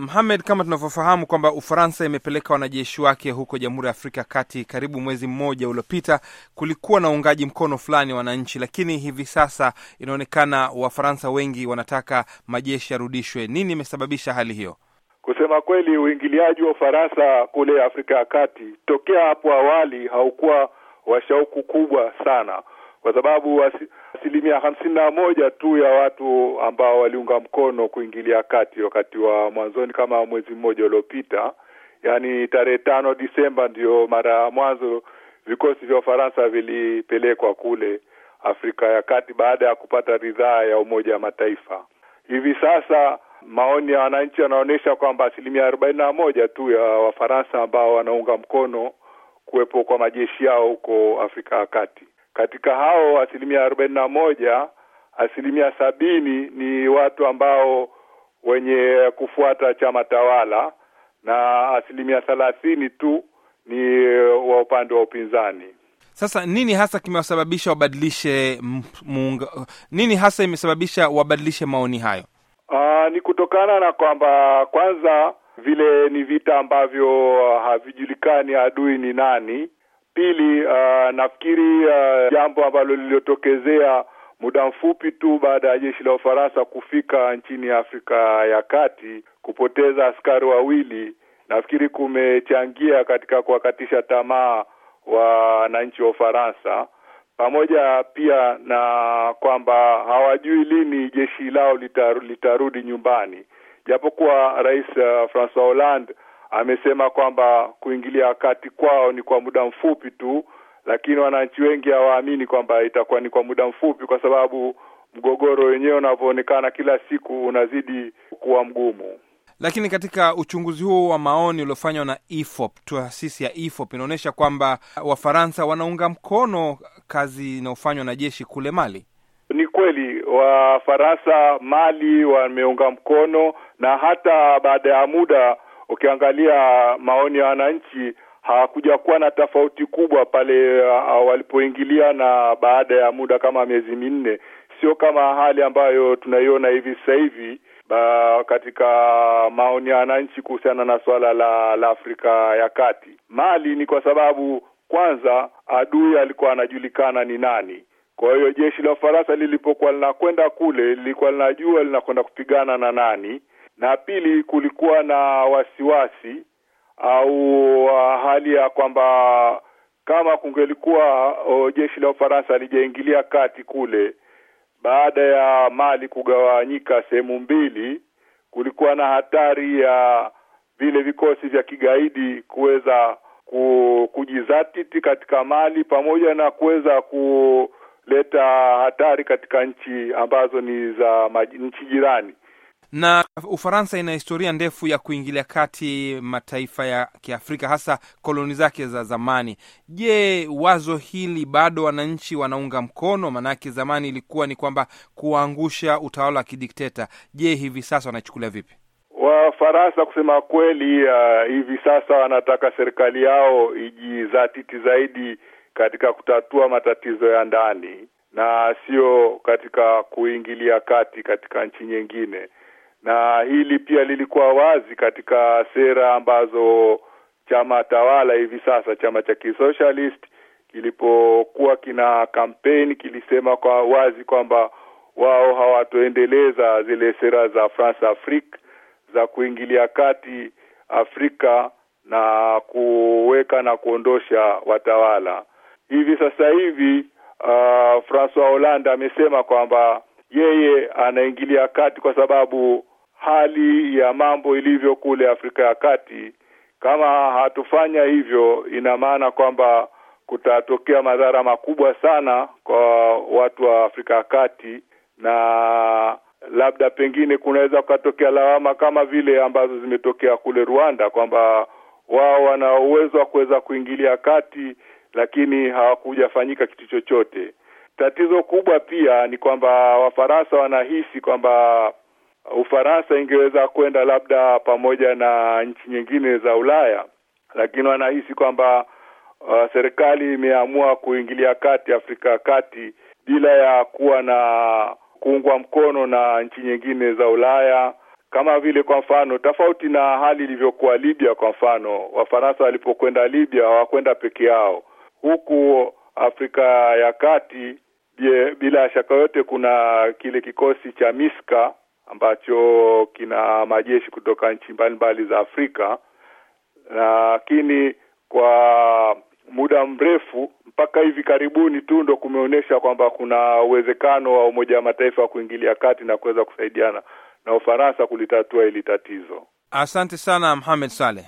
Mhamed, kama tunavyofahamu kwamba Ufaransa imepeleka wanajeshi wake huko Jamhuri ya Afrika ya Kati karibu mwezi mmoja uliopita. Kulikuwa na uungaji mkono fulani wananchi, lakini hivi sasa inaonekana Wafaransa wengi wanataka majeshi yarudishwe. Nini imesababisha hali hiyo? Kusema kweli, uingiliaji wa Ufaransa kule Afrika ya Kati tokea hapo awali haukuwa wa shauku kubwa sana kwa sababu asilimia hamsini na moja tu ya watu ambao waliunga mkono kuingilia kati wakati wa mwanzoni kama mwezi mmoja uliopita, yaani tarehe tano Disemba ndio mara ya mwanzo vikosi vya Ufaransa vilipelekwa kule Afrika ya Kati baada ya kupata ridhaa ya Umoja wa Mataifa. Hivi sasa maoni ya wananchi yanaonyesha kwamba asilimia arobaini na moja tu ya Wafaransa ambao wanaunga mkono kuwepo kwa majeshi yao huko Afrika ya Kati. Katika hao asilimia arobaini na moja, asilimia sabini ni watu ambao wenye kufuata chama tawala na asilimia thelathini tu ni eh, wa upande wa upinzani. Sasa nini hasa kimewasababisha wabadilishe mung... nini hasa imesababisha wabadilishe maoni hayo? Aa, ah, ni kutokana na kwamba kwanza vile ni vita ambavyo ah, havijulikani adui ni nani, Pili, uh, nafikiri uh, jambo ambalo lililotokezea muda mfupi tu baada ya jeshi la Ufaransa kufika nchini Afrika ya Kati kupoteza askari wawili, nafikiri kumechangia katika kuwakatisha tamaa wananchi wa Ufaransa, pamoja pia na kwamba hawajui lini jeshi lao litarudi nyumbani, japokuwa Rais uh, Francois Hollande amesema kwamba kuingilia kati kwao ni kwa muda mfupi tu, lakini wananchi wengi hawaamini kwamba itakuwa ni kwa muda mfupi, kwa sababu mgogoro wenyewe unavyoonekana kila siku unazidi kuwa mgumu. Lakini katika uchunguzi huo wa maoni uliofanywa na IFOP, taasisi ya IFOP inaonyesha kwamba Wafaransa wanaunga mkono kazi inayofanywa na jeshi kule Mali. Ni kweli Wafaransa Mali wameunga mkono, na hata baada ya muda ukiangalia maoni ya wananchi hakuja kuwa na tofauti kubwa pale uh, walipoingilia na baada ya muda kama miezi minne, sio kama hali ambayo tunaiona hivi sasa hivi katika maoni ya wananchi kuhusiana na suala la, la Afrika ya Kati. Mali ni kwa sababu kwanza adui alikuwa anajulikana ni nani. Kwa hiyo jeshi la Ufaransa lilipokuwa linakwenda kule lilikuwa linajua linakwenda kupigana na nani na pili, kulikuwa na wasiwasi au uh, hali ya kwamba kama kungelikuwa uh, jeshi la Ufaransa lijaingilia kati kule baada ya Mali kugawanyika sehemu mbili, kulikuwa na hatari ya vile vikosi vya kigaidi kuweza kujizatiti katika Mali pamoja na kuweza kuleta hatari katika nchi ambazo ni za nchi jirani. Na Ufaransa ina historia ndefu ya kuingilia kati mataifa ya Kiafrika, hasa koloni zake za zamani. Je, wazo hili bado wananchi wanaunga mkono? Maanake zamani ilikuwa ni kwamba kuangusha utawala wa kidikteta. Je, hivi sasa wanachukulia vipi? Wafaransa kusema kweli, uh, hivi sasa wanataka serikali yao ijizatiti zaidi katika kutatua matatizo ya ndani na sio katika kuingilia kati katika nchi nyingine na hili pia lilikuwa wazi katika sera ambazo chama tawala hivi sasa chama cha kisocialist kilipokuwa kina kampeni kilisema kwa wazi kwamba wao hawatoendeleza zile sera za France Afrique za kuingilia kati Afrika na kuweka na kuondosha watawala. Hivi sasa hivi uh, Francois Hollande amesema kwamba yeye anaingilia kati kwa sababu hali ya mambo ilivyo kule Afrika ya Kati. Kama hatufanya hivyo, ina maana kwamba kutatokea madhara makubwa sana kwa watu wa Afrika ya Kati, na labda pengine kunaweza kukatokea lawama kama vile ambazo zimetokea kule Rwanda, kwamba wao wana uwezo wa kuweza kuingilia kati, lakini hawakujafanyika kitu chochote. Tatizo kubwa pia ni kwamba Wafaransa wanahisi kwamba Ufaransa ingeweza kwenda labda pamoja na nchi nyingine za Ulaya, lakini wanahisi kwamba uh, serikali imeamua kuingilia kati Afrika ya Kati bila ya kuwa na kuungwa mkono na nchi nyingine za Ulaya kama vile kwa mfano, tofauti na hali ilivyokuwa Libya. Kwa mfano, Wafaransa walipokwenda Libya hawakwenda peke yao, huku Afrika ya Kati bila shaka yote kuna kile kikosi cha Miska ambacho kina majeshi kutoka nchi mbalimbali za Afrika, lakini kwa muda mrefu mpaka hivi karibuni tu ndo kumeonyesha kwamba kuna uwezekano wa Umoja wa Mataifa wa kuingilia kati na kuweza kusaidiana na Ufaransa kulitatua hili tatizo. Asante sana Mohamed Saleh.